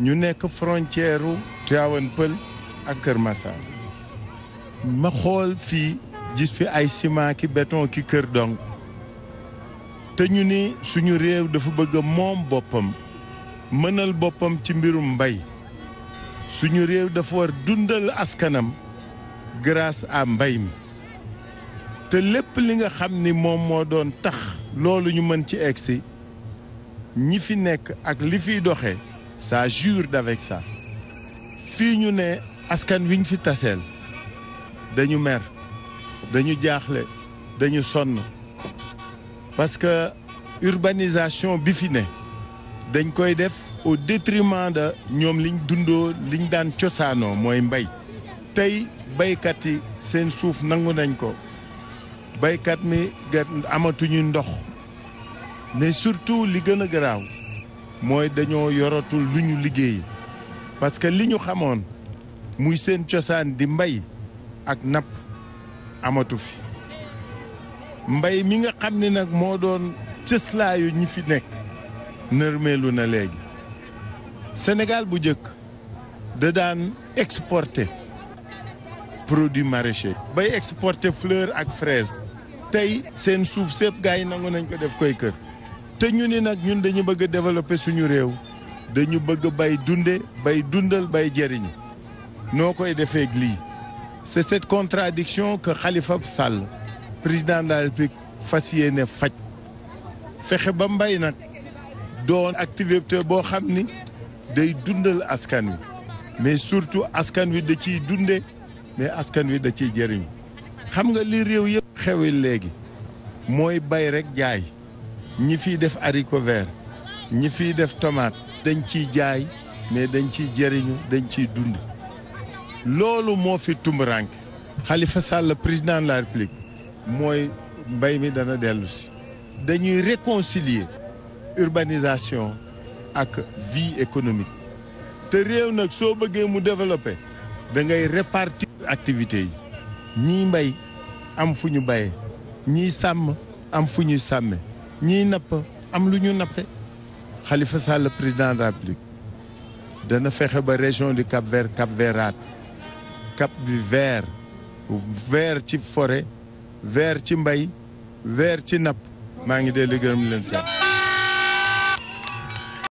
ñu nekk frontière u Tivaouane ak Kër Massar ma xool fii gis fi ay ciment ki béton ki kër dong te ñu ni suñu réew dafa bëgg a moom boppam mënal boppam ci mbirum mbay suñu réew dafa war dundal askanam grâce à mbay mi te lépp li nga xam ni moom moo doon tax loolu ñu mën ci egsi ñi fi nekk ak li fiy doxee ça jure d'avec ça fii ñu ne askan wiñ fi taseel dañu mer dañu jaaxle dañu sonn parce que urbanisation bi fi ne dañ koy def au détriment de ñoom liñ dundoo liñ daan cosaanoo mooy mbay tey baykat yi seen suuf nangu nañ ko baykat mi amatuñu ndox mais surtout li gën a garaaw mooy dañoo yoratul lu ñu liggéey parce que li ñu xamoon muy seen cosaan di mbay ak napp amatu fi mbay mi nga xam ni nag moo doon cëslaayu ñi fi nekk nërmeelu na léegi Sénégal bu njëkk da daan exporter produit maraîcher bay exporter fleur ak fraise tey seen suuf sépp gars yi nangu nañ ko def koy kër te ñu ni nag ñun dañu bëgg a développer suñu réew dañu bëgg bay dunde bay dundal bay jëriñ noo koy defee lii c'est cette contradiction que Khalifa Sall président de la République fas yéene faj fexe ba mbay nag doon activité boo xam ni day dundal askan wi mais surtout askan wi da ciy dunde mais askan wi da ciy jëriñ xam nga li réew yëpp xewil léegi mooy bay rek jaay ñi fiy def haricot ñi fiy def tomate dañ ciy jaay mais dañ ciy jëriñu dañ ciy dund loolu moo fi tumburank xalifa Sall président la République mooy mbay mi dana dellu si dañuy réconcilier urbanisation ak vie économique te réew nag soo bëggee mu développé da ngay répartir activités yi ñiy mbay am fu ñu bayee ñiy sàmm am fu ñuy sàmme ñiy napp am lu ñu nappe Khalifa Sall président de la dana fexe ba région du Cap Vert Cap Vertaat Cap bi ver ver ci fore ver ci mbay vert ci napp maa ngi dee li gërëm leen sax